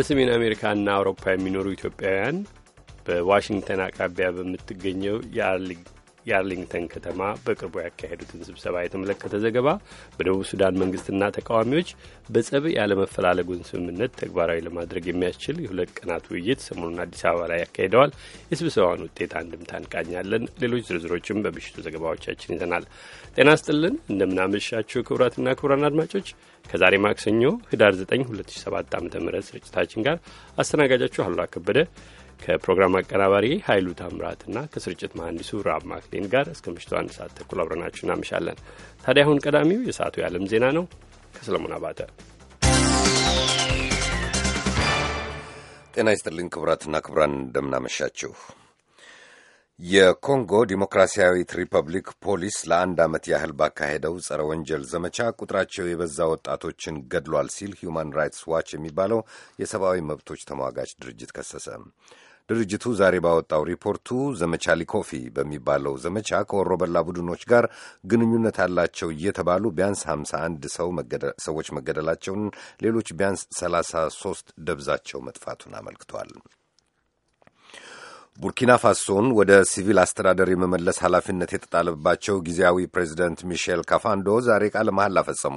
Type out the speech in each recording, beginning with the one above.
በሰሜን አሜሪካና አውሮፓ የሚኖሩ ኢትዮጵያውያን በዋሽንግተን አቅራቢያ በምትገኘው የአርሊንግተን የአርሊንግተን ከተማ በቅርቡ ያካሄዱትን ስብሰባ የተመለከተ ዘገባ በደቡብ ሱዳን መንግስትና ተቃዋሚዎች በጸብ ያለመፈላለጉን ስምምነት ተግባራዊ ለማድረግ የሚያስችል የሁለት ቀናት ውይይት ሰሞኑን አዲስ አበባ ላይ ያካሂደዋል። የስብሰባውን ውጤት አንድምታ እንቃኛለን። ሌሎች ዝርዝሮችም በምሽቱ ዘገባዎቻችን ይዘናል። ጤና ስጥልን፣ እንደምናመሻችሁ ክቡራትና ክቡራን አድማጮች ከዛሬ ማክሰኞ ህዳር 9 2007 ዓ ም ስርጭታችን ጋር አስተናጋጃችሁ አሉላ ከበደ ከፕሮግራም አቀናባሪ ኃይሉ ታምራትና ከስርጭት መሐንዲሱ ራብ ማክሌን ጋር እስከ ምሽቱ አንድ ሰዓት ተኩል አብረናችሁ እናመሻለን። ታዲያ አሁን ቀዳሚው የሰዓቱ የዓለም ዜና ነው። ከሰለሞን አባተ ጤና ይስጥልኝ። ክቡራትና ክቡራን እንደምናመሻችሁ። የኮንጎ ዲሞክራሲያዊት ሪፐብሊክ ፖሊስ ለአንድ ዓመት ያህል ባካሄደው ጸረ ወንጀል ዘመቻ ቁጥራቸው የበዛ ወጣቶችን ገድሏል ሲል ሂዩማን ራይትስ ዋች የሚባለው የሰብአዊ መብቶች ተሟጋች ድርጅት ከሰሰ። ድርጅቱ ዛሬ ባወጣው ሪፖርቱ ዘመቻ ሊኮፊ በሚባለው ዘመቻ ከወሮበላ ቡድኖች ጋር ግንኙነት አላቸው እየተባሉ ቢያንስ 51 ሰው ሰዎች መገደላቸውን ሌሎች ቢያንስ 33 ደብዛቸው መጥፋቱን አመልክቷል። ቡርኪና ፋሶን ወደ ሲቪል አስተዳደር የመመለስ ኃላፊነት የተጣለባቸው ጊዜያዊ ፕሬዚደንት ሚሼል ካፋንዶ ዛሬ ቃለ መሐላ ፈጸሙ።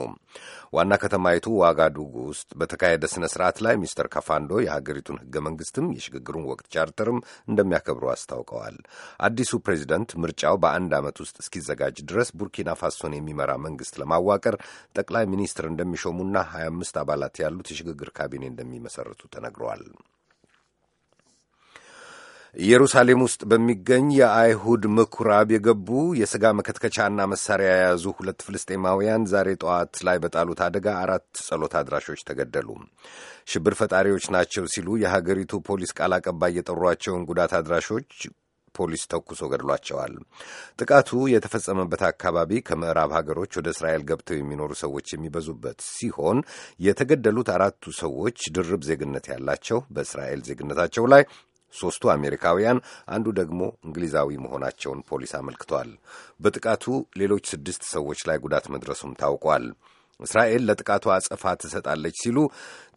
ዋና ከተማይቱ ዋጋዱጉ ውስጥ በተካሄደ ሥነ ሥርዓት ላይ ሚስተር ካፋንዶ የሀገሪቱን ሕገ መንግሥትም የሽግግሩን ወቅት ቻርተርም እንደሚያከብሩ አስታውቀዋል። አዲሱ ፕሬዚደንት ምርጫው በአንድ ዓመት ውስጥ እስኪዘጋጅ ድረስ ቡርኪና ፋሶን የሚመራ መንግሥት ለማዋቀር ጠቅላይ ሚኒስትር እንደሚሾሙና 25 አባላት ያሉት የሽግግር ካቢኔ እንደሚመሰርቱ ተነግረዋል። ኢየሩሳሌም ውስጥ በሚገኝ የአይሁድ ምኩራብ የገቡ የሥጋ መከትከቻና መሣሪያ የያዙ ሁለት ፍልስጤማውያን ዛሬ ጠዋት ላይ በጣሉት አደጋ አራት ጸሎት አድራሾች ተገደሉ። ሽብር ፈጣሪዎች ናቸው ሲሉ የሀገሪቱ ፖሊስ ቃል አቀባይ የጠሯቸውን ጉዳት አድራሾች ፖሊስ ተኩሶ ገድሏቸዋል። ጥቃቱ የተፈጸመበት አካባቢ ከምዕራብ ሀገሮች ወደ እስራኤል ገብተው የሚኖሩ ሰዎች የሚበዙበት ሲሆን የተገደሉት አራቱ ሰዎች ድርብ ዜግነት ያላቸው በእስራኤል ዜግነታቸው ላይ ሦስቱ አሜሪካውያን፣ አንዱ ደግሞ እንግሊዛዊ መሆናቸውን ፖሊስ አመልክቷል። በጥቃቱ ሌሎች ስድስት ሰዎች ላይ ጉዳት መድረሱም ታውቋል። እስራኤል ለጥቃቱ አጸፋ ትሰጣለች ሲሉ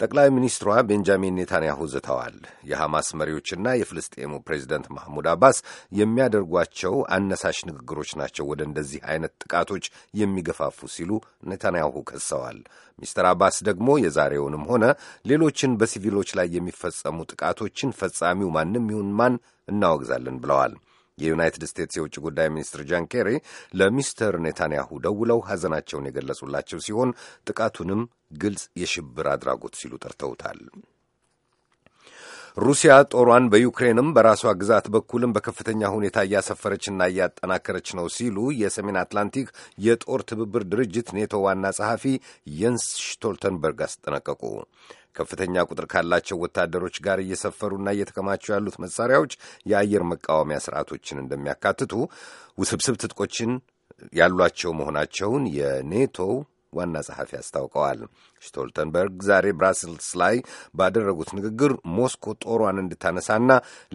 ጠቅላይ ሚኒስትሯ ቤንጃሚን ኔታንያሁ ዝተዋል። የሐማስ መሪዎችና የፍልስጤሙ ፕሬዚደንት ማህሙድ አባስ የሚያደርጓቸው አነሳሽ ንግግሮች ናቸው ወደ እንደዚህ አይነት ጥቃቶች የሚገፋፉ ሲሉ ኔታንያሁ ከሰዋል። ሚስተር አባስ ደግሞ የዛሬውንም ሆነ ሌሎችን በሲቪሎች ላይ የሚፈጸሙ ጥቃቶችን ፈጻሚው ማንም ይሁን ማን እናወግዛለን ብለዋል። የዩናይትድ ስቴትስ የውጭ ጉዳይ ሚኒስትር ጃን ኬሪ ለሚስተር ኔታንያሁ ደውለው ሐዘናቸውን የገለጹላቸው ሲሆን ጥቃቱንም ግልጽ የሽብር አድራጎት ሲሉ ጠርተውታል። ሩሲያ ጦሯን በዩክሬንም በራሷ ግዛት በኩልም በከፍተኛ ሁኔታ እያሰፈረችና እያጠናከረች ነው ሲሉ የሰሜን አትላንቲክ የጦር ትብብር ድርጅት ኔቶ ዋና ጸሐፊ የንስ ሽቶልተንበርግ አስጠነቀቁ። ከፍተኛ ቁጥር ካላቸው ወታደሮች ጋር እየሰፈሩና እየተከማቸው ያሉት መሳሪያዎች የአየር መቃወሚያ ስርዓቶችን እንደሚያካትቱ ውስብስብ ትጥቆችን ያሏቸው መሆናቸውን የኔቶው ዋና ጸሐፊ አስታውቀዋል። ስቶልተንበርግ ዛሬ ብራስልስ ላይ ባደረጉት ንግግር ሞስኮ ጦሯን እንድታነሳና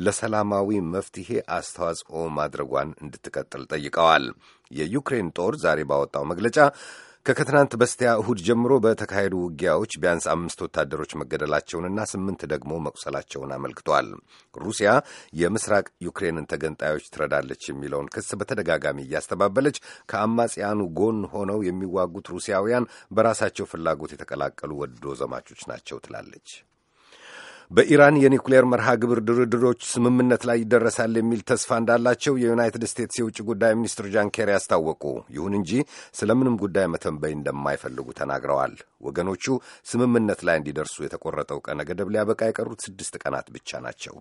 ለሰላማዊ መፍትሄ አስተዋጽኦ ማድረጓን እንድትቀጥል ጠይቀዋል። የዩክሬን ጦር ዛሬ ባወጣው መግለጫ ከከትናንት በስቲያ እሁድ ጀምሮ በተካሄዱ ውጊያዎች ቢያንስ አምስት ወታደሮች መገደላቸውንና ስምንት ደግሞ መቁሰላቸውን አመልክቷል። ሩሲያ የምስራቅ ዩክሬንን ተገንጣዮች ትረዳለች የሚለውን ክስ በተደጋጋሚ እያስተባበለች ከአማጽያኑ ጎን ሆነው የሚዋጉት ሩሲያውያን በራሳቸው ፍላጎት የተቀላቀሉ ወዶ ዘማቾች ናቸው ትላለች። በኢራን የኒውክሌር መርሃ ግብር ድርድሮች ስምምነት ላይ ይደረሳል የሚል ተስፋ እንዳላቸው የዩናይትድ ስቴትስ የውጭ ጉዳይ ሚኒስትር ጃን ኬሪ አስታወቁ። ይሁን እንጂ ስለምንም ጉዳይ መተንበይ እንደማይፈልጉ ተናግረዋል። ወገኖቹ ስምምነት ላይ እንዲደርሱ የተቆረጠው ቀነ ገደብ ሊያበቃ የቀሩት ስድስት ቀናት ብቻ ናቸው።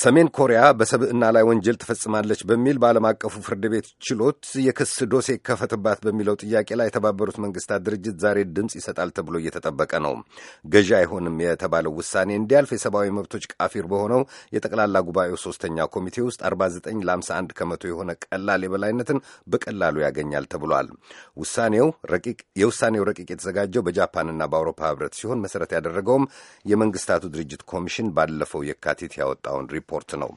ሰሜን ኮሪያ በሰብዕና ላይ ወንጀል ትፈጽማለች በሚል በዓለም አቀፉ ፍርድ ቤት ችሎት የክስ ዶሴ ከፈትባት በሚለው ጥያቄ ላይ የተባበሩት መንግስታት ድርጅት ዛሬ ድምፅ ይሰጣል ተብሎ እየተጠበቀ ነው። ገዢ አይሆንም የተባለው ውሳኔ እንዲያልፍ የሰብአዊ መብቶች ቃፊር በሆነው የጠቅላላ ጉባኤው ሶስተኛ ኮሚቴ ውስጥ 49 ለ51 ከመቶ የሆነ ቀላል የበላይነትን በቀላሉ ያገኛል ተብሏል። ውሳኔው ረቂቅ የውሳኔው ረቂቅ የተዘጋጀው በጃፓንና በአውሮፓ ህብረት ሲሆን መሰረት ያደረገውም የመንግስታቱ ድርጅት ኮሚሽን ባለፈው የካቲት ያወጣውን ሪፖርት ነው።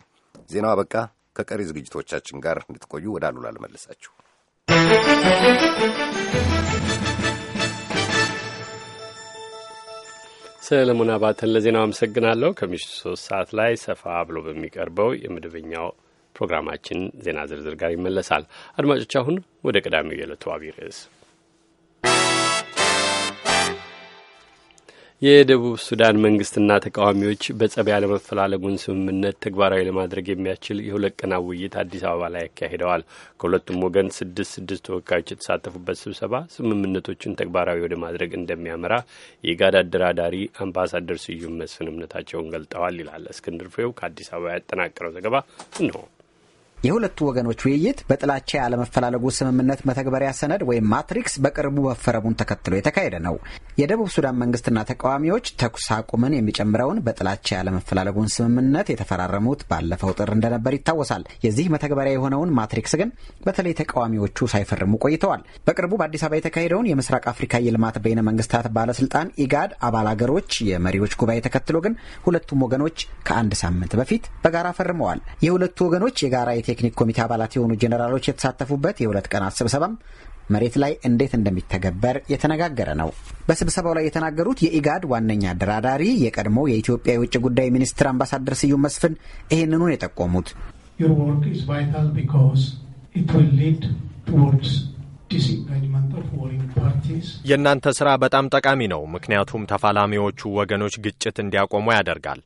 ዜናው አበቃ። ከቀሪ ዝግጅቶቻችን ጋር እንድትቆዩ ወደ አሉላ ልመልሳችሁ። ሰለሞን አባተን ለዜናው አመሰግናለሁ። ከምሽቱ ሶስት ሰዓት ላይ ሰፋ ብሎ በሚቀርበው የመደበኛው ፕሮግራማችን ዜና ዝርዝር ጋር ይመለሳል። አድማጮች፣ አሁን ወደ ቀዳሚው የዕለቱ አብይ ርዕስ የደቡብ ሱዳን መንግስትና ተቃዋሚዎች በጸብ ያለመፈላለጉን ስምምነት ተግባራዊ ለማድረግ የሚያስችል የሁለት ቀናት ውይይት አዲስ አበባ ላይ ያካሂደዋል። ከሁለቱም ወገን ስድስት ስድስት ተወካዮች የተሳተፉበት ስብሰባ ስምምነቶችን ተግባራዊ ወደ ማድረግ እንደሚያመራ የጋድ አደራዳሪ አምባሳደር ስዩም መስፍን እምነታቸውን ገልጠዋል ይላል እስክንድር ፍሬው ከአዲስ አበባ ያጠናቀረው ዘገባ ነው። የሁለቱ ወገኖች ውይይት በጥላቻ ያለመፈላለጉ ስምምነት መተግበሪያ ሰነድ ወይም ማትሪክስ በቅርቡ መፈረሙን ተከትሎ የተካሄደ ነው። የደቡብ ሱዳን መንግስትና ተቃዋሚዎች ተኩስ አቁምን የሚጨምረውን በጥላቻ ያለመፈላለጉን ስምምነት የተፈራረሙት ባለፈው ጥር እንደነበር ይታወሳል። የዚህ መተግበሪያ የሆነውን ማትሪክስ ግን በተለይ ተቃዋሚዎቹ ሳይፈርሙ ቆይተዋል። በቅርቡ በአዲስ አበባ የተካሄደውን የምስራቅ አፍሪካ የልማት በይነ መንግስታት ባለስልጣን ኢጋድ አባል አገሮች የመሪዎች ጉባኤ ተከትሎ ግን ሁለቱም ወገኖች ከአንድ ሳምንት በፊት በጋራ ፈርመዋል። የሁለቱ ወገኖች የጋራ የቴክኒክ ኮሚቴ አባላት የሆኑ ጀኔራሎች የተሳተፉበት የሁለት ቀናት ስብሰባም መሬት ላይ እንዴት እንደሚተገበር የተነጋገረ ነው። በስብሰባው ላይ የተናገሩት የኢጋድ ዋነኛ አደራዳሪ የቀድሞ የኢትዮጵያ የውጭ ጉዳይ ሚኒስትር አምባሳደር ስዩም መስፍን ይህንኑን የጠቆሙት የእናንተ ስራ በጣም ጠቃሚ ነው። ምክንያቱም ተፋላሚዎቹ ወገኖች ግጭት እንዲያቆሙ ያደርጋል።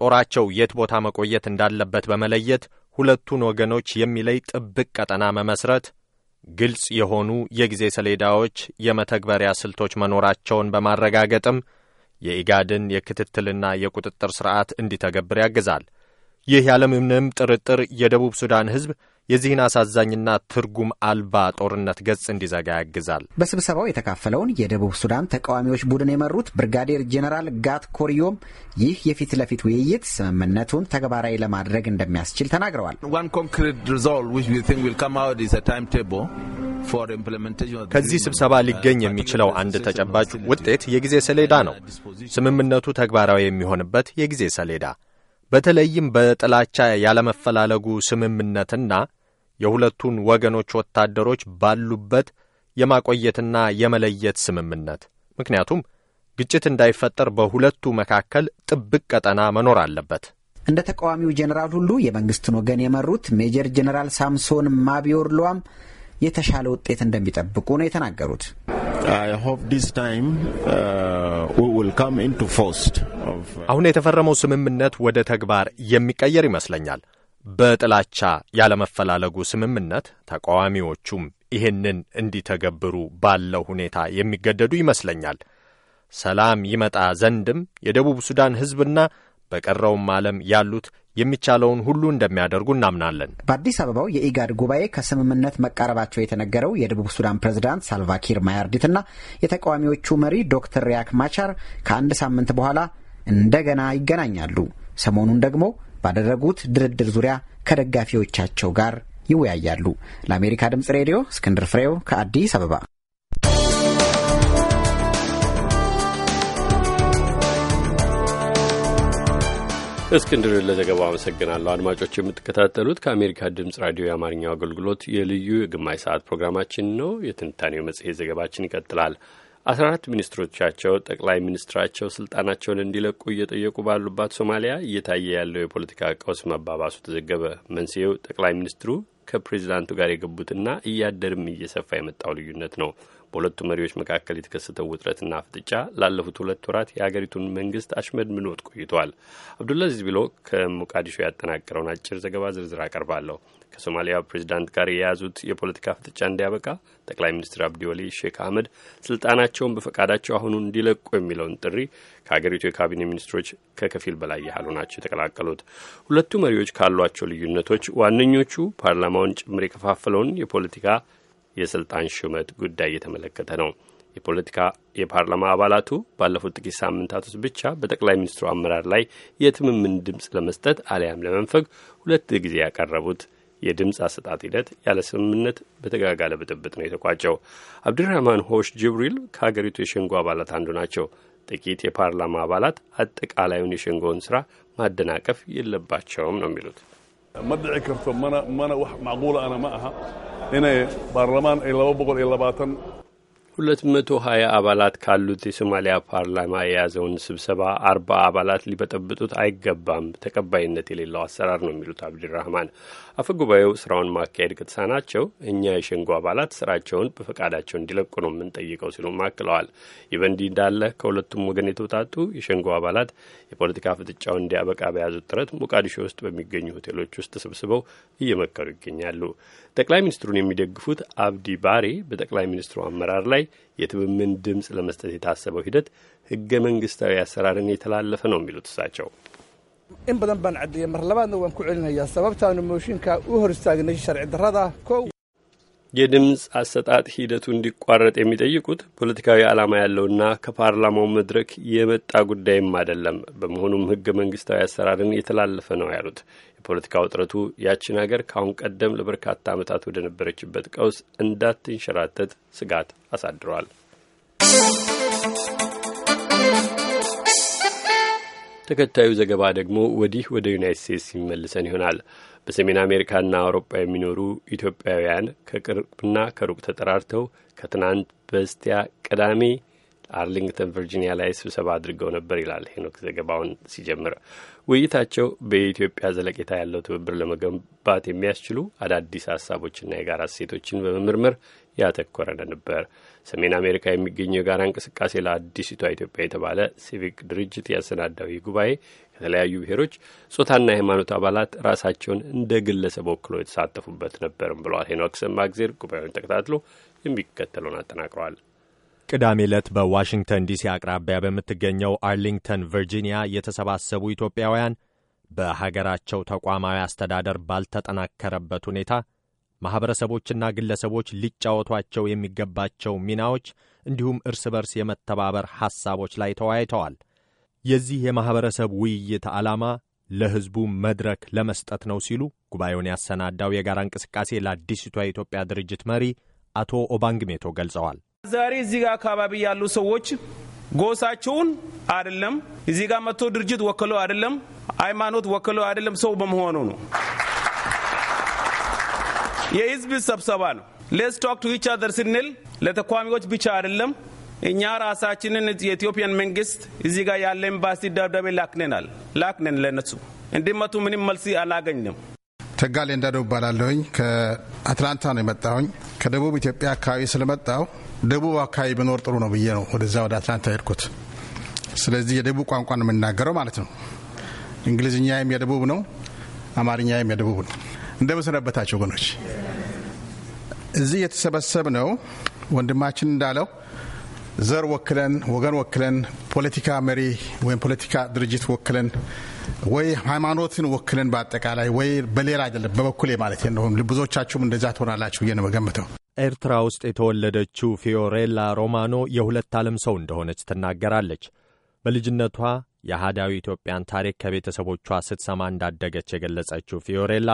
ጦራቸው የት ቦታ መቆየት እንዳለበት በመለየት ሁለቱን ወገኖች የሚለይ ጥብቅ ቀጠና መመስረት፣ ግልጽ የሆኑ የጊዜ ሰሌዳዎች፣ የመተግበሪያ ስልቶች መኖራቸውን በማረጋገጥም የኢጋድን የክትትልና የቁጥጥር ስርዓት እንዲተገብር ያግዛል። ይህ ያለምንም ጥርጥር የደቡብ ሱዳን ሕዝብ የዚህን አሳዛኝና ትርጉም አልባ ጦርነት ገጽ እንዲዘጋ ያግዛል። በስብሰባው የተካፈለውን የደቡብ ሱዳን ተቃዋሚዎች ቡድን የመሩት ብርጋዴር ጄኔራል ጋት ኮሪዮም ይህ የፊት ለፊት ውይይት ስምምነቱን ተግባራዊ ለማድረግ እንደሚያስችል ተናግረዋል። ከዚህ ስብሰባ ሊገኝ የሚችለው አንድ ተጨባጭ ውጤት የጊዜ ሰሌዳ ነው። ስምምነቱ ተግባራዊ የሚሆንበት የጊዜ ሰሌዳ በተለይም በጥላቻ ያለመፈላለጉ ስምምነትና የሁለቱን ወገኖች ወታደሮች ባሉበት የማቆየትና የመለየት ስምምነት። ምክንያቱም ግጭት እንዳይፈጠር በሁለቱ መካከል ጥብቅ ቀጠና መኖር አለበት። እንደ ተቃዋሚው ጀኔራል ሁሉ የመንግስትን ወገን የመሩት ሜጀር ጀኔራል ሳምሶን ማቢዮር የተሻለ ውጤት እንደሚጠብቁ ነው የተናገሩት። uh, uh, አሁን የተፈረመው ስምምነት ወደ ተግባር የሚቀየር ይመስለኛል። በጥላቻ ያለመፈላለጉ ስምምነት ተቃዋሚዎቹም ይህንን እንዲተገብሩ ባለው ሁኔታ የሚገደዱ ይመስለኛል። ሰላም ይመጣ ዘንድም የደቡብ ሱዳን ሕዝብና በቀረውም ዓለም ያሉት የሚቻለውን ሁሉ እንደሚያደርጉ እናምናለን። በአዲስ አበባው የኢጋድ ጉባኤ ከስምምነት መቃረባቸው የተነገረው የደቡብ ሱዳን ፕሬዝዳንት ሳልቫኪር ማያርዲትና የተቃዋሚዎቹ መሪ ዶክተር ሪያክ ማቻር ከአንድ ሳምንት በኋላ እንደገና ይገናኛሉ። ሰሞኑን ደግሞ ባደረጉት ድርድር ዙሪያ ከደጋፊዎቻቸው ጋር ይወያያሉ። ለአሜሪካ ድምጽ ሬዲዮ እስክንድር ፍሬው ከአዲስ አበባ። እስክንድር ለዘገባው አመሰግናለሁ። አድማጮች የምትከታተሉት ከአሜሪካ ድምፅ ራዲዮ የአማርኛው አገልግሎት የልዩ የግማሽ ሰዓት ፕሮግራማችን ነው። የትንታኔው መጽሔት ዘገባችን ይቀጥላል። አስራ አራት ሚኒስትሮቻቸው ጠቅላይ ሚኒስትራቸው ስልጣናቸውን እንዲለቁ እየጠየቁ ባሉባት ሶማሊያ እየታየ ያለው የፖለቲካ ቀውስ መባባሱ ተዘገበ። መንስኤው ጠቅላይ ሚኒስትሩ ከፕሬዚዳንቱ ጋር የገቡትና እያደርም እየሰፋ የመጣው ልዩነት ነው። በሁለቱ መሪዎች መካከል የተከሰተው ውጥረትና ፍጥጫ ላለፉት ሁለት ወራት የአገሪቱን መንግስት አሽመድምኖት ቆይቷል። አብዱላዚዝ ቢሎ ከሞቃዲሾ ያጠናቀረውን አጭር ዘገባ ዝርዝር አቀርባለሁ። ከሶማሊያ ፕሬዚዳንት ጋር የያዙት የፖለቲካ ፍጥጫ እንዲያበቃ ጠቅላይ ሚኒስትር አብዲወሊ ሼክ አህመድ ስልጣናቸውን በፈቃዳቸው አሁኑ እንዲለቁ የሚለውን ጥሪ ከሀገሪቱ የካቢኔ ሚኒስትሮች ከከፊል በላይ ያህሉ ናቸው የተቀላቀሉት። ሁለቱ መሪዎች ካሏቸው ልዩነቶች ዋነኞቹ ፓርላማውን ጭምር የከፋፈለውን የፖለቲካ የስልጣን ሹመት ጉዳይ እየተመለከተ ነው። የፖለቲካ የፓርላማ አባላቱ ባለፉት ጥቂት ሳምንታት ውስጥ ብቻ በጠቅላይ ሚኒስትሩ አመራር ላይ የትምምን ድምፅ ለመስጠት አሊያም ለመንፈግ ሁለት ጊዜ ያቀረቡት የድምፅ አሰጣጥ ሂደት ያለ ስምምነት በተጋጋለ ብጥብጥ ነው የተቋጨው። አብድራህማን ሆሽ ጅብሪል ከሀገሪቱ የሸንጎ አባላት አንዱ ናቸው። ጥቂት የፓርላማ አባላት አጠቃላዩን የሸንጎውን ስራ ማደናቀፍ የለባቸውም ነው የሚሉት። እኔ baarlamaan ay laba boqol ሁለት መቶ ሀያ አባላት ካሉት የሶማሊያ ፓርላማ የያዘውን ስብሰባ አርባ አባላት ሊበጠብጡት አይገባም፣ ተቀባይነት የሌለው አሰራር ነው የሚሉት አብድራህማን አፈ ጉባኤው ስራውን ማካሄድ ከተሳናቸው እኛ የሸንጎ አባላት ስራቸውን በፈቃዳቸው እንዲለቁ ነው የምንጠይቀው ሲሉ አክለዋል። ይህ በእንዲህ እንዳለ ከሁለቱም ወገን የተውጣጡ የሸንጎ አባላት የፖለቲካ ፍጥጫውን እንዲያበቃ በያዙት ጥረት ሞቃዲሾ ውስጥ በሚገኙ ሆቴሎች ውስጥ ተሰብስበው እየመከሩ ይገኛሉ። ጠቅላይ ሚኒስትሩን የሚደግፉት አብዲ ባሬ በጠቅላይ ሚኒስትሩ አመራር ላይ የትምምን ድምፅ ለመስጠት የታሰበው ሂደት ህገ መንግስታዊ አሰራርን የተላለፈ ነው የሚሉት እሳቸው in badan baan mar labaadna waan ku celinayaa sababtaanu mooshinka u hor istaagnay sharci የድምፅ አሰጣጥ ሂደቱ እንዲቋረጥ የሚጠይቁት ፖለቲካዊ ዓላማ ያለውና ከፓርላማው መድረክ የመጣ ጉዳይም አይደለም። በመሆኑም ህገ መንግስታዊ አሰራርን የተላለፈ ነው ያሉት የፖለቲካ ውጥረቱ ያችን ሀገር ከአሁን ቀደም ለበርካታ ዓመታት ወደ ነበረችበት ቀውስ እንዳትንሸራተት ስጋት አሳድሯል። ተከታዩ ዘገባ ደግሞ ወዲህ ወደ ዩናይት ስቴትስ ይመልሰን ይሆናል። በሰሜን አሜሪካና አውሮፓ የሚኖሩ ኢትዮጵያውያን ከቅርብና ከሩቅ ተጠራርተው ከትናንት በስቲያ ቅዳሜ አርሊንግተን ቨርጂኒያ ላይ ስብሰባ አድርገው ነበር ይላል ሄኖክ ዘገባውን ሲጀምር። ውይይታቸው በኢትዮጵያ ዘለቄታ ያለው ትብብር ለመገንባት የሚያስችሉ አዳዲስ ሀሳቦችና የጋራ እሴቶችን በመመርመር ያተኮረ ነበር። ሰሜን አሜሪካ የሚገኘው የጋራ እንቅስቃሴ ለአዲሲቷ ኢትዮጵያ የተባለ ሲቪክ ድርጅት ያሰናዳው ጉባኤ ከተለያዩ ብሔሮች፣ ጾታና የሃይማኖት አባላት ራሳቸውን እንደ ግለሰብ ወክሎ የተሳተፉበት ነበርም ብለዋል። ሄኖክ ሰማግዜር ጉባኤውን ተከታትሎ የሚከተለውን አጠናቅረዋል። ቅዳሜ ዕለት በዋሽንግተን ዲሲ አቅራቢያ በምትገኘው አርሊንግተን ቨርጂኒያ የተሰባሰቡ ኢትዮጵያውያን በሀገራቸው ተቋማዊ አስተዳደር ባልተጠናከረበት ሁኔታ ማኅበረሰቦችና ግለሰቦች ሊጫወቷቸው የሚገባቸው ሚናዎች እንዲሁም እርስ በርስ የመተባበር ሐሳቦች ላይ ተወያይተዋል። የዚህ የማኅበረሰብ ውይይት ዓላማ ለሕዝቡ መድረክ ለመስጠት ነው ሲሉ ጉባኤውን ያሰናዳው የጋራ እንቅስቃሴ ለአዲሲቷ የኢትዮጵያ ድርጅት መሪ አቶ ኦባንግሜቶ ገልጸዋል። ዛሬ እዚህ ጋር አካባቢ ያሉ ሰዎች ጎሳቸውን አይደለም እዚህ ጋር መጥቶ ድርጅት ወክሎ አይደለም ሃይማኖት ወክሎ አይደለም ሰው በመሆኑ ነው። የህዝብ ስብሰባ ነው። ሌስ ቶክ ቱ ኢች ስንል ለተቋሚዎች ብቻ አይደለም። እኛ ራሳችንን የኢትዮጵያን መንግስት እዚህ ጋር ያለ ኤምባሲ ደብዳቤ ላክነናል ላክነን ለነሱ እንዲመቱ ምንም መልስ አላገኝንም። ተጋሌ እንዳደው እባላለሁኝ። ከአትላንታ ነው የመጣሁኝ። ከደቡብ ኢትዮጵያ አካባቢ ስለመጣው ደቡብ አካባቢ ብኖር ጥሩ ነው ብዬ ነው ወደዛ ወደ አትላንታ ሄድኩት። ስለዚህ የደቡብ ቋንቋ ነው የምናገረው ማለት ነው። እንግሊዝኛም የደቡብ ነው፣ አማርኛም የደቡብ ነው። እንደምሰነበታቸው ወገኖች፣ እዚህ የተሰበሰብ ነው ወንድማችን እንዳለው ዘር ወክለን፣ ወገን ወክለን፣ ፖለቲካ መሪ ወይም ፖለቲካ ድርጅት ወክለን ወይ ሃይማኖትን ወክለን በአጠቃላይ ወይ በሌላ አይደለም፣ በበኩሌ ማለት ነው። ብዙዎቻችሁም እንደዛ ትሆናላችሁ ብዬ ነው መገምተው። ኤርትራ ውስጥ የተወለደችው ፊዮሬላ ሮማኖ የሁለት ዓለም ሰው እንደሆነች ትናገራለች። በልጅነቷ የአህዳዊ ኢትዮጵያን ታሪክ ከቤተሰቦቿ ስትሰማ እንዳደገች የገለጸችው ፊዮሬላ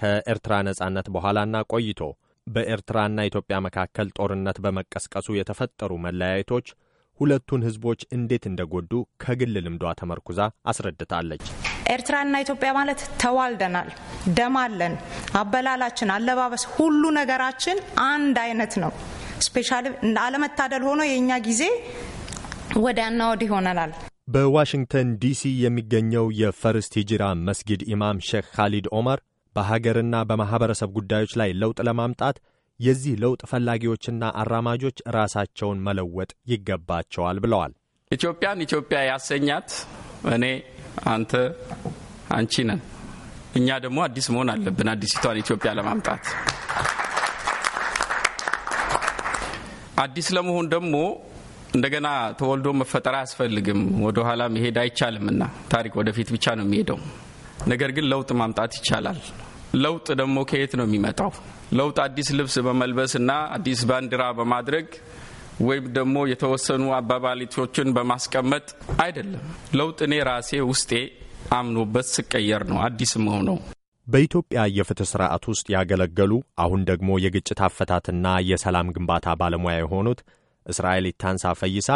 ከኤርትራ ነጻነት በኋላና ቆይቶ በኤርትራና ኢትዮጵያ መካከል ጦርነት በመቀስቀሱ የተፈጠሩ መለያየቶች ሁለቱን ህዝቦች እንዴት እንደጎዱ ከግል ልምዷ ተመርኩዛ አስረድታለች። ኤርትራና ኢትዮጵያ ማለት ተዋልደናል፣ ደም አለን፣ አበላላችን፣ አለባበስ፣ ሁሉ ነገራችን አንድ አይነት ነው። ስፔሻሊ አለመታደል ሆኖ የእኛ ጊዜ ወዲያና ወዲህ ሆነናል። በዋሽንግተን ዲሲ የሚገኘው የፈርስት ሂጅራ መስጊድ ኢማም ሼክ ካሊድ ኦመር በሀገርና በማኅበረሰብ ጉዳዮች ላይ ለውጥ ለማምጣት የዚህ ለውጥ ፈላጊዎችና አራማጆች ራሳቸውን መለወጥ ይገባቸዋል ብለዋል። ኢትዮጵያን ኢትዮጵያ ያሰኛት እኔ፣ አንተ፣ አንቺ ነን። እኛ ደግሞ አዲስ መሆን አለብን፣ አዲሲቷን ኢትዮጵያ ለማምጣት። አዲስ ለመሆን ደግሞ እንደገና ተወልዶ መፈጠር አያስፈልግም። ወደ ኋላ መሄድ አይቻልምና ታሪክ ወደፊት ብቻ ነው የሚሄደው። ነገር ግን ለውጥ ማምጣት ይቻላል። ለውጥ ደግሞ ከየት ነው የሚመጣው? ለውጥ አዲስ ልብስ በመልበስና አዲስ ባንዲራ በማድረግ ወይም ደግሞ የተወሰኑ አባባሊቶችን በማስቀመጥ አይደለም። ለውጥ እኔ ራሴ ውስጤ አምኖበት ስቀየር ነው አዲስ መሆነው። በኢትዮጵያ የፍትህ ስርዓት ውስጥ ያገለገሉ አሁን ደግሞ የግጭት አፈታትና የሰላም ግንባታ ባለሙያ የሆኑት እስራኤል ታንሳ ፈይሳ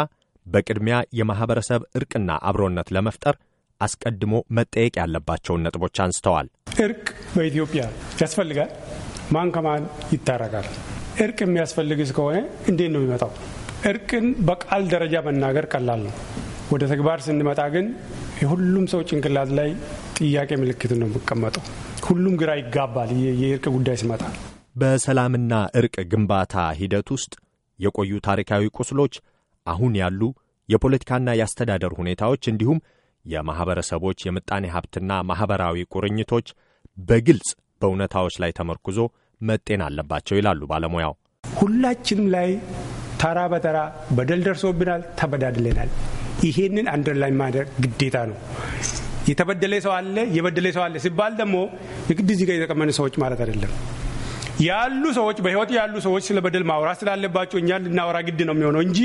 በቅድሚያ የማኅበረሰብ እርቅና አብሮነት ለመፍጠር አስቀድሞ መጠየቅ ያለባቸውን ነጥቦች አንስተዋል። እርቅ በኢትዮጵያ ያስፈልጋል። ማን ከማን ይታረቃል? እርቅ የሚያስፈልግ እስከሆነ እንዴት ነው የሚመጣው? እርቅን በቃል ደረጃ መናገር ቀላል ነው። ወደ ተግባር ስንመጣ ግን የሁሉም ሰው ጭንቅላት ላይ ጥያቄ ምልክት ነው የሚቀመጠው። ሁሉም ግራ ይጋባል የእርቅ ጉዳይ ሲመጣ። በሰላምና እርቅ ግንባታ ሂደት ውስጥ የቆዩ ታሪካዊ ቁስሎች፣ አሁን ያሉ የፖለቲካና የአስተዳደር ሁኔታዎች እንዲሁም የማኅበረሰቦች የምጣኔ ሀብትና ማኅበራዊ ቁርኝቶች በግልጽ በእውነታዎች ላይ ተመርኩዞ መጤን አለባቸው ይላሉ ባለሙያው። ሁላችንም ላይ ተራ በተራ በደል ደርሶብናል፣ ተበዳድለናል። ይሄንን አንደርላይን ማድረግ ግዴታ ነው። የተበደለ ሰው አለ፣ የበደለ ሰው አለ ሲባል ደግሞ የግድ እዚህ ጋር የተቀመነ ሰዎች ማለት አይደለም። ያሉ ሰዎች በህይወት ያሉ ሰዎች ስለ በደል ማውራት ስላለባቸው እኛ ልናወራ ግድ ነው የሚሆነው እንጂ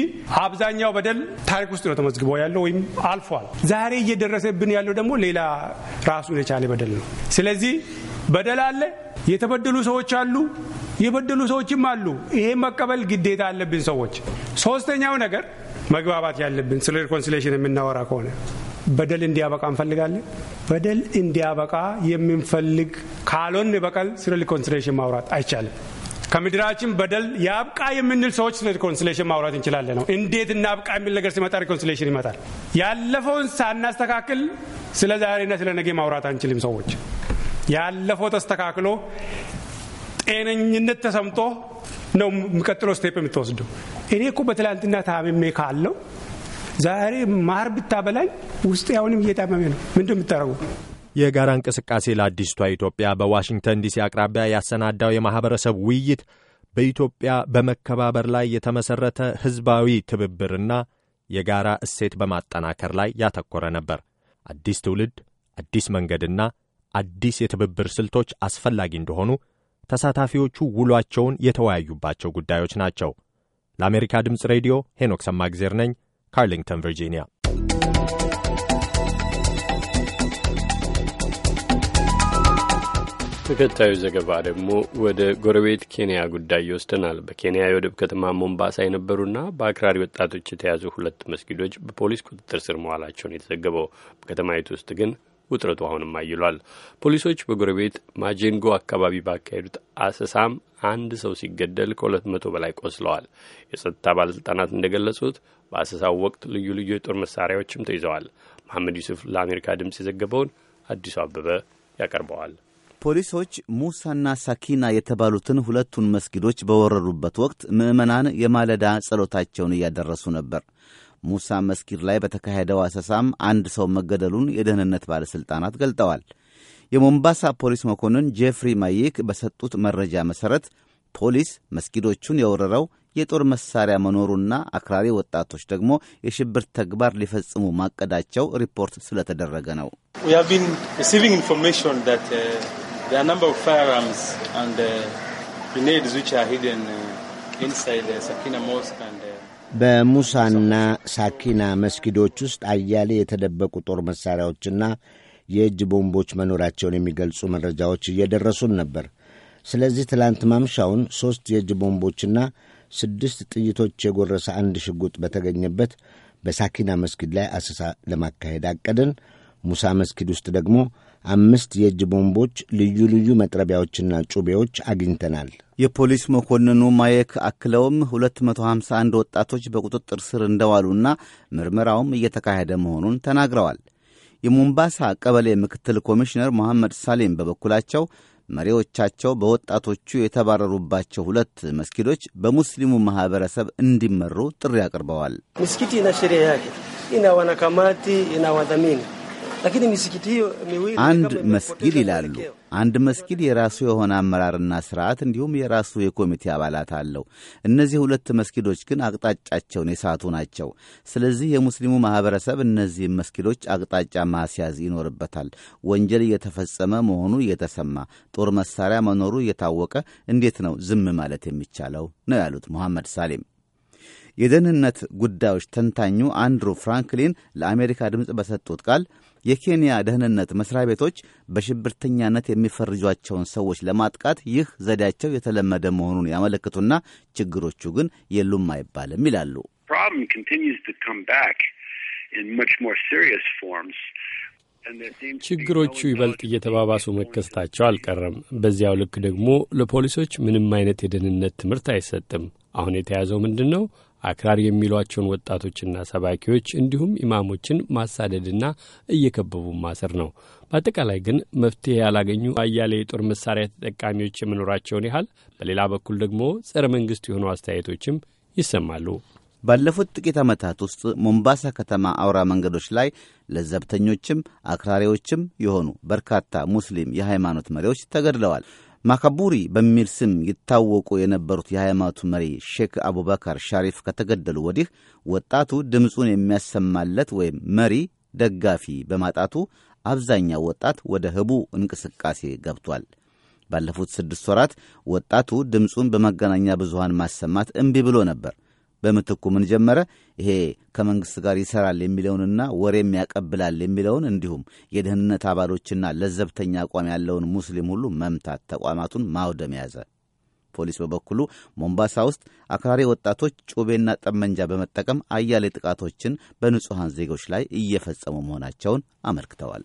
አብዛኛው በደል ታሪክ ውስጥ ነው ተመዝግቦ ያለው ወይም አልፏል። ዛሬ እየደረሰብን ያለው ደግሞ ሌላ ራሱን የቻለ በደል ነው። ስለዚህ በደል አለ። የተበደሉ ሰዎች አሉ፣ የበደሉ ሰዎችም አሉ። ይሄ መቀበል ግዴታ አለብን ሰዎች። ሶስተኛው ነገር መግባባት ያለብን ስለ ሪኮንሲሌሽን የምናወራ ከሆነ በደል እንዲያበቃ እንፈልጋለን። በደል እንዲያበቃ የምንፈልግ ካልሆን በቀል ስለ ሪኮንሲሌሽን ማውራት አይቻልም። ከምድራችን በደል ያብቃ የምንል ሰዎች ስለ ሪኮንሲሌሽን ማውራት እንችላለን ነው። እንዴት እናብቃ የሚል ነገር ሲመጣ ሪኮንሲሌሽን ይመጣል። ያለፈውን ሳናስተካክል ስለ ዛሬና ስለ ነገ ማውራት አንችልም ሰዎች ያለፈው ተስተካክሎ ጤነኝነት ተሰምቶ ነው የሚቀጥለው ስቴፕ የምትወስደው። እኔ እኮ በትላንትና ታምሜ ካለው ዛሬ ማር ብታበላኝ ውስጥ አሁንም እየታመመ ነው። ምንድን የምታደርገው? የጋራ እንቅስቃሴ ለአዲስቷ ኢትዮጵያ በዋሽንግተን ዲሲ አቅራቢያ ያሰናዳው የማህበረሰብ ውይይት በኢትዮጵያ በመከባበር ላይ የተመሠረተ ሕዝባዊ ትብብርና የጋራ እሴት በማጠናከር ላይ ያተኮረ ነበር። አዲስ ትውልድ አዲስ መንገድና አዲስ የትብብር ስልቶች አስፈላጊ እንደሆኑ ተሳታፊዎቹ ውሏቸውን የተወያዩባቸው ጉዳዮች ናቸው። ለአሜሪካ ድምፅ ሬዲዮ ሄኖክ ሰማግዜር ነኝ ካርሊንግተን ቨርጂኒያ። ተከታዩ ዘገባ ደግሞ ወደ ጎረቤት ኬንያ ጉዳይ ይወስደናል። በኬንያ የወደብ ከተማ ሞምባሳ የነበሩና በአክራሪ ወጣቶች የተያዙ ሁለት መስጊዶች በፖሊስ ቁጥጥር ስር መዋላቸውን የተዘገበው በከተማይቱ ውስጥ ግን ውጥረቱ አሁንም አይሏል። ፖሊሶች በጎረቤት ማጀንጎ አካባቢ ባካሄዱት አሰሳም አንድ ሰው ሲገደል ከሁለት መቶ በላይ ቆስለዋል። የጸጥታ ባለሥልጣናት እንደገለጹት በአሰሳው ወቅት ልዩ ልዩ የጦር መሳሪያዎችም ተይዘዋል። መሐመድ ዩሱፍ ለአሜሪካ ድምፅ የዘገበውን አዲሱ አበበ ያቀርበዋል። ፖሊሶች ሙሳና ሳኪና የተባሉትን ሁለቱን መስጊዶች በወረሩበት ወቅት ምዕመናን የማለዳ ጸሎታቸውን እያደረሱ ነበር። ሙሳ መስጊድ ላይ በተካሄደው አሰሳም አንድ ሰው መገደሉን የደህንነት ባለሥልጣናት ገልጠዋል። የሞምባሳ ፖሊስ መኮንን ጄፍሪ ማይክ በሰጡት መረጃ መሠረት ፖሊስ መስጊዶቹን የወረረው የጦር መሳሪያ መኖሩና አክራሪ ወጣቶች ደግሞ የሽብር ተግባር ሊፈጽሙ ማቀዳቸው ሪፖርት ስለተደረገ ነው። በሙሳና ሳኪና መስጊዶች ውስጥ አያሌ የተደበቁ ጦር መሣሪያዎችና የእጅ ቦምቦች መኖራቸውን የሚገልጹ መረጃዎች እየደረሱን ነበር። ስለዚህ ትላንት ማምሻውን ሦስት የእጅ ቦምቦችና ስድስት ጥይቶች የጎረሰ አንድ ሽጉጥ በተገኘበት በሳኪና መስጊድ ላይ አሰሳ ለማካሄድ አቀድን። ሙሳ መስጊድ ውስጥ ደግሞ አምስት የእጅ ቦምቦች፣ ልዩ ልዩ መጥረቢያዎችና ጩቤዎች አግኝተናል። የፖሊስ መኮንኑ ማየክ አክለውም 251 ወጣቶች በቁጥጥር ስር እንደዋሉና ምርመራውም እየተካሄደ መሆኑን ተናግረዋል። የሞምባሳ ቀበሌ ምክትል ኮሚሽነር መሐመድ ሳሌም በበኩላቸው መሪዎቻቸው በወጣቶቹ የተባረሩባቸው ሁለት መስጊዶች በሙስሊሙ ማኅበረሰብ እንዲመሩ ጥሪ አቅርበዋል። ምስኪቲ ነሽሪያኪ ኢናዋናካማቲ ኢናዋዳሚኒ አንድ መስጊድ ይላሉ። አንድ መስጊድ የራሱ የሆነ አመራርና ስርዓት እንዲሁም የራሱ የኮሚቴ አባላት አለው። እነዚህ ሁለት መስጊዶች ግን አቅጣጫቸውን የሳቱ ናቸው። ስለዚህ የሙስሊሙ ማኅበረሰብ እነዚህ መስጊዶች አቅጣጫ ማስያዝ ይኖርበታል። ወንጀል እየተፈጸመ መሆኑ እየተሰማ፣ ጦር መሳሪያ መኖሩ እየታወቀ እንዴት ነው ዝም ማለት የሚቻለው? ነው ያሉት መሐመድ ሳሌም። የደህንነት ጉዳዮች ተንታኙ አንድሩ ፍራንክሊን ለአሜሪካ ድምፅ በሰጡት ቃል የኬንያ ደህንነት መስሪያ ቤቶች በሽብርተኛነት የሚፈርጇቸውን ሰዎች ለማጥቃት ይህ ዘዴያቸው የተለመደ መሆኑን ያመለክቱና ችግሮቹ ግን የሉም አይባልም ይላሉ። ችግሮቹ ይበልጥ እየተባባሱ መከሰታቸው አልቀረም። በዚያው ልክ ደግሞ ለፖሊሶች ምንም አይነት የደህንነት ትምህርት አይሰጥም። አሁን የተያዘው ምንድን ነው? አክራሪ የሚሏቸውን ወጣቶችና ሰባኪዎች እንዲሁም ኢማሞችን ማሳደድና እየከበቡ ማሰር ነው። በአጠቃላይ ግን መፍትሄ ያላገኙ አያሌ የጦር መሳሪያ ተጠቃሚዎች የመኖራቸውን ያህል በሌላ በኩል ደግሞ ጸረ መንግስት የሆኑ አስተያየቶችም ይሰማሉ። ባለፉት ጥቂት ዓመታት ውስጥ ሞምባሳ ከተማ አውራ መንገዶች ላይ ለዘብተኞችም አክራሪዎችም የሆኑ በርካታ ሙስሊም የሃይማኖት መሪዎች ተገድለዋል። ማካቡሪ በሚል ስም ይታወቁ የነበሩት የሃይማኖቱ መሪ ሼክ አቡበካር ሻሪፍ ከተገደሉ ወዲህ ወጣቱ ድምፁን የሚያሰማለት ወይም መሪ ደጋፊ በማጣቱ አብዛኛው ወጣት ወደ ህቡ እንቅስቃሴ ገብቷል። ባለፉት ስድስት ወራት ወጣቱ ድምፁን በመገናኛ ብዙሃን ማሰማት እምቢ ብሎ ነበር። በምትኩ ምን ጀመረ? ይሄ ከመንግሥት ጋር ይሠራል የሚለውንና ወሬም ያቀብላል የሚለውን እንዲሁም የደህንነት አባሎችና ለዘብተኛ አቋም ያለውን ሙስሊም ሁሉ መምታት፣ ተቋማቱን ማውደም ያዘ። ፖሊስ በበኩሉ ሞምባሳ ውስጥ አክራሪ ወጣቶች ጩቤና ጠመንጃ በመጠቀም አያሌ ጥቃቶችን በንጹሐን ዜጎች ላይ እየፈጸሙ መሆናቸውን አመልክተዋል።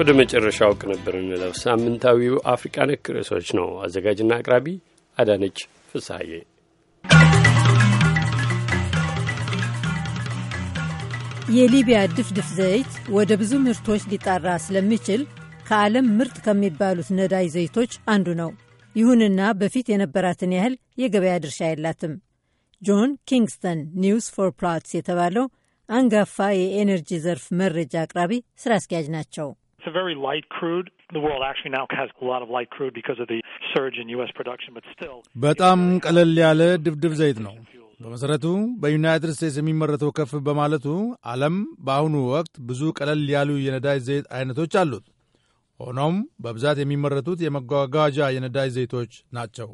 ወደ መጨረሻው ቅንብር እንለፍ። ሳምንታዊው አፍሪቃ ነክ ርዕሶች ነው። አዘጋጅና አቅራቢ አዳነች ፍሳዬ። የሊቢያ ድፍድፍ ዘይት ወደ ብዙ ምርቶች ሊጣራ ስለሚችል ከዓለም ምርጥ ከሚባሉት ነዳጅ ዘይቶች አንዱ ነው። ይሁንና በፊት የነበራትን ያህል የገበያ ድርሻ የላትም። ጆን ኪንግስተን ኒውስ ፎር ፕላትስ የተባለው አንጋፋ የኤነርጂ ዘርፍ መረጃ አቅራቢ ስራ አስኪያጅ ናቸው። It's a very light crude. The world actually now has a lot of light crude because of the surge in U.S. production, but still. በጣም ቀለል ያለ ድፍድፍ ዘይት ነው። በመሰረቱ በዩናይትድ ስቴትስ የሚመረተው ከፍ በማለቱ ዓለም በአሁኑ ወቅት ብዙ ቀለል ያሉ የነዳጅ ዘይት አይነቶች አሉት። ሆኖም በብዛት የሚመረቱት የመጓጓዣ የነዳጅ ዘይቶች ናቸው።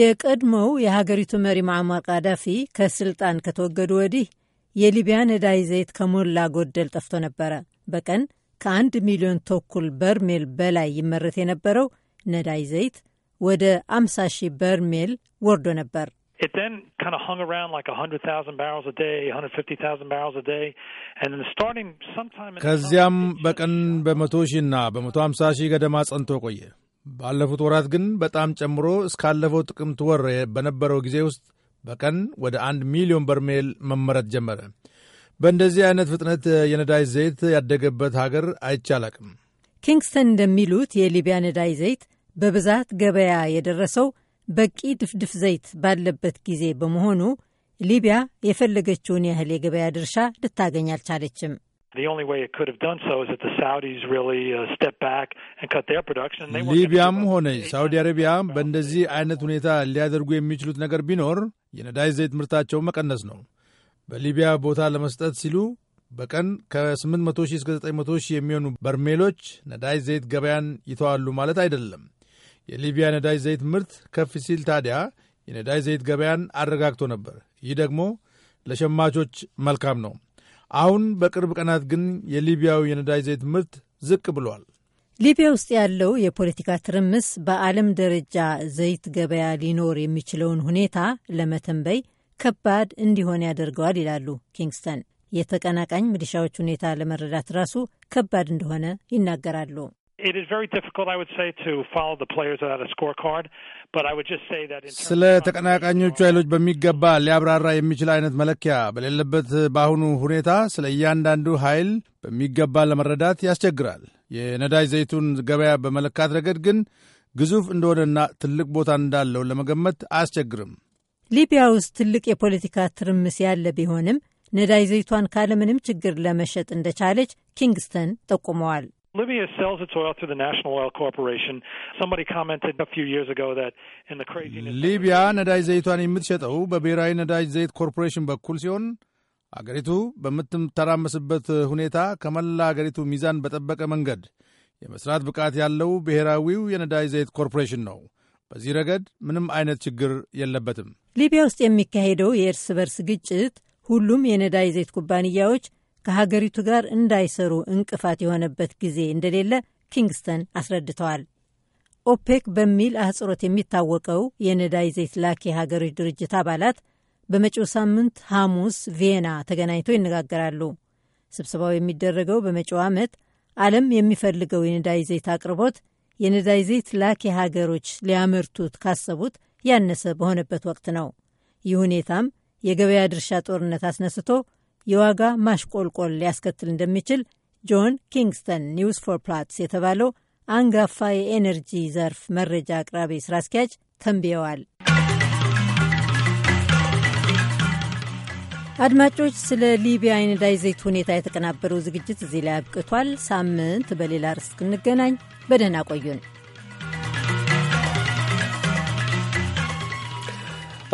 የቀድሞው የሀገሪቱ መሪ ማዕማር ቃዳፊ ከስልጣን ከተወገዱ ወዲህ የሊቢያ ነዳጅ ዘይት ከሞላ ጎደል ጠፍቶ ነበረ። በቀን ከአንድ ሚሊዮን ተኩል በርሜል በላይ ይመረት የነበረው ነዳይ ዘይት ወደ አምሳ ሺህ በርሜል ወርዶ ነበር። ከዚያም በቀን በመቶ ሺህና በመቶ ሃምሳ ሺህ ገደማ ጸንቶ ቆየ። ባለፉት ወራት ግን በጣም ጨምሮ እስካለፈው ጥቅምት ወር በነበረው ጊዜ ውስጥ በቀን ወደ አንድ ሚሊዮን በርሜል መመረት ጀመረ። በእንደዚህ አይነት ፍጥነት የነዳጅ ዘይት ያደገበት ሀገር አይቻላቅም። ኪንግስተን እንደሚሉት የሊቢያ ነዳጅ ዘይት በብዛት ገበያ የደረሰው በቂ ድፍድፍ ዘይት ባለበት ጊዜ በመሆኑ ሊቢያ የፈለገችውን ያህል የገበያ ድርሻ ልታገኝ አልቻለችም። uh, ሊቢያም ሆነ ሳውዲ አረቢያ በእንደዚህ አይነት ሁኔታ ሊያደርጉ የሚችሉት ነገር ቢኖር የነዳጅ ዘይት ምርታቸው መቀነስ ነው። በሊቢያ ቦታ ለመስጠት ሲሉ በቀን ከ800 ሺህ እስከ 900 ሺህ የሚሆኑ በርሜሎች ነዳጅ ዘይት ገበያን ይተዋሉ ማለት አይደለም። የሊቢያ ነዳጅ ዘይት ምርት ከፍ ሲል ታዲያ የነዳጅ ዘይት ገበያን አረጋግቶ ነበር። ይህ ደግሞ ለሸማቾች መልካም ነው። አሁን በቅርብ ቀናት ግን የሊቢያው የነዳጅ ዘይት ምርት ዝቅ ብሏል። ሊቢያ ውስጥ ያለው የፖለቲካ ትርምስ በዓለም ደረጃ ዘይት ገበያ ሊኖር የሚችለውን ሁኔታ ለመተንበይ ከባድ እንዲሆን ያደርገዋል ይላሉ ኪንግስተን። የተቀናቃኝ ምድሻዎች ሁኔታ ለመረዳት ራሱ ከባድ እንደሆነ ይናገራሉ። ስለ ተቀናቃኞቹ ኃይሎች በሚገባ ሊያብራራ የሚችል አይነት መለኪያ በሌለበት በአሁኑ ሁኔታ ስለ እያንዳንዱ ኃይል በሚገባ ለመረዳት ያስቸግራል። የነዳጅ ዘይቱን ገበያ በመለካት ረገድ ግን ግዙፍ እንደሆነና ትልቅ ቦታ እንዳለው ለመገመት አያስቸግርም። ሊቢያ ውስጥ ትልቅ የፖለቲካ ትርምስ ያለ ቢሆንም ነዳጅ ዘይቷን ካለምንም ችግር ለመሸጥ እንደቻለች ኪንግስተን ጠቁመዋል። ሊቢያ ነዳጅ ዘይቷን የምትሸጠው በብሔራዊ ነዳጅ ዘይት ኮርፖሬሽን በኩል ሲሆን አገሪቱ በምትተራመስበት ሁኔታ ከመላ አገሪቱ ሚዛን በጠበቀ መንገድ የመስራት ብቃት ያለው ብሔራዊው የነዳጅ ዘይት ኮርፖሬሽን ነው። በዚህ ረገድ ምንም አይነት ችግር የለበትም። ሊቢያ ውስጥ የሚካሄደው የእርስ በርስ ግጭት ሁሉም የነዳጅ ዘይት ኩባንያዎች ከሀገሪቱ ጋር እንዳይሰሩ እንቅፋት የሆነበት ጊዜ እንደሌለ ኪንግስተን አስረድተዋል። ኦፔክ በሚል አህጽሮት የሚታወቀው የነዳጅ ዘይት ላኪ ሀገሮች ድርጅት አባላት በመጪው ሳምንት ሐሙስ ቪየና ተገናኝተው ይነጋገራሉ። ስብሰባው የሚደረገው በመጪው ዓመት ዓለም የሚፈልገው የነዳጅ ዘይት አቅርቦት የነዳጅ ዘይት ላኪ ሀገሮች ሊያመርቱት ካሰቡት ያነሰ በሆነበት ወቅት ነው። ይህ ሁኔታም የገበያ ድርሻ ጦርነት አስነስቶ የዋጋ ማሽቆልቆል ሊያስከትል እንደሚችል ጆን ኪንግስተን ኒውስ ፎር ፕላትስ የተባለው አንጋፋ የኤነርጂ ዘርፍ መረጃ አቅራቢ ስራ አስኪያጅ ተንብየዋል። አድማጮች፣ ስለ ሊቢያ የነዳጅ ዘይት ሁኔታ የተቀናበረው ዝግጅት እዚህ ላይ አብቅቷል። ሳምንት በሌላ ርዕስ እስክንገናኝ በደህና ቆዩን።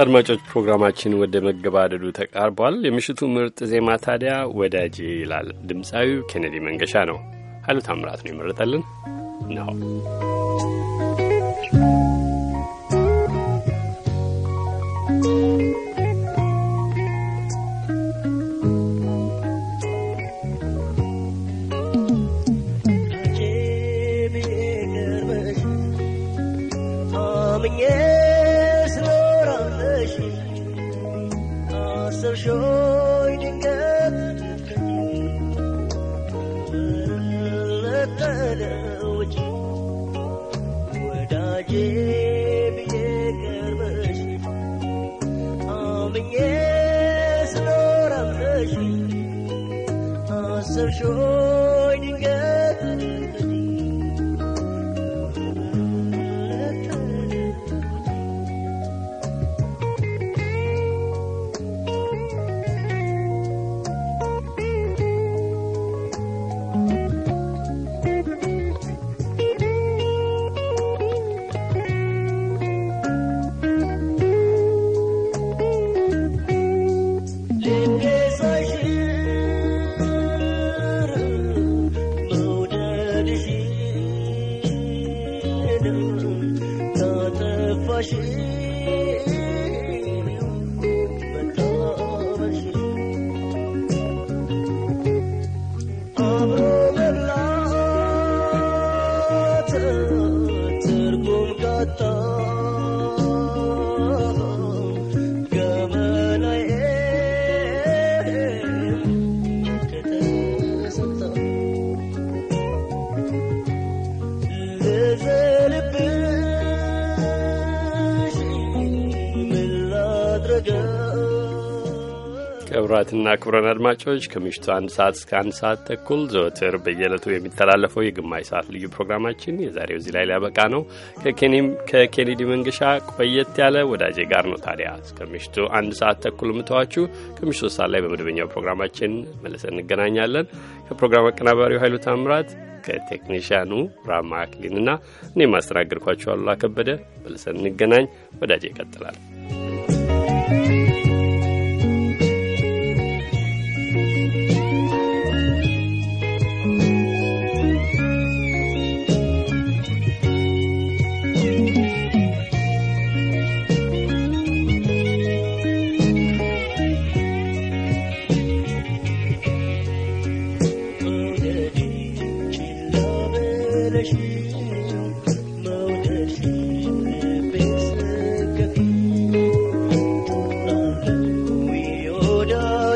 አድማጮች ፕሮግራማችን ወደ መገባደዱ ተቃርቧል። የምሽቱ ምርጥ ዜማ ታዲያ ወዳጄ ይላል። ድምፃዊው ኬኔዲ መንገሻ ነው። ኃይሉ ታምራት ነው የመረጠልን ነው ክቡራትና ክቡራን አድማጮች ከምሽቱ አንድ ሰዓት እስከ አንድ ሰዓት ተኩል ዘወትር በየዕለቱ የሚተላለፈው የግማሽ ሰዓት ልዩ ፕሮግራማችን የዛሬው እዚህ ላይ ሊያበቃ ነው። ከኬኔዲ መንገሻ ቆየት ያለ ወዳጄ ጋር ነው ታዲያ እስከ ምሽቱ አንድ ሰዓት ተኩል የምተዋችሁ። ከምሽቱ ሰዓት ላይ በመደበኛው ፕሮግራማችን መልሰን እንገናኛለን። ከፕሮግራም አቀናባሪው ኃይሉ ታምራት ከቴክኒሽያኑ ራማ አክሊንና እኔ ማስተናገድኳችሁ አሉላ ከበደ መልሰን እንገናኝ። ወዳጄ ይቀጥላል።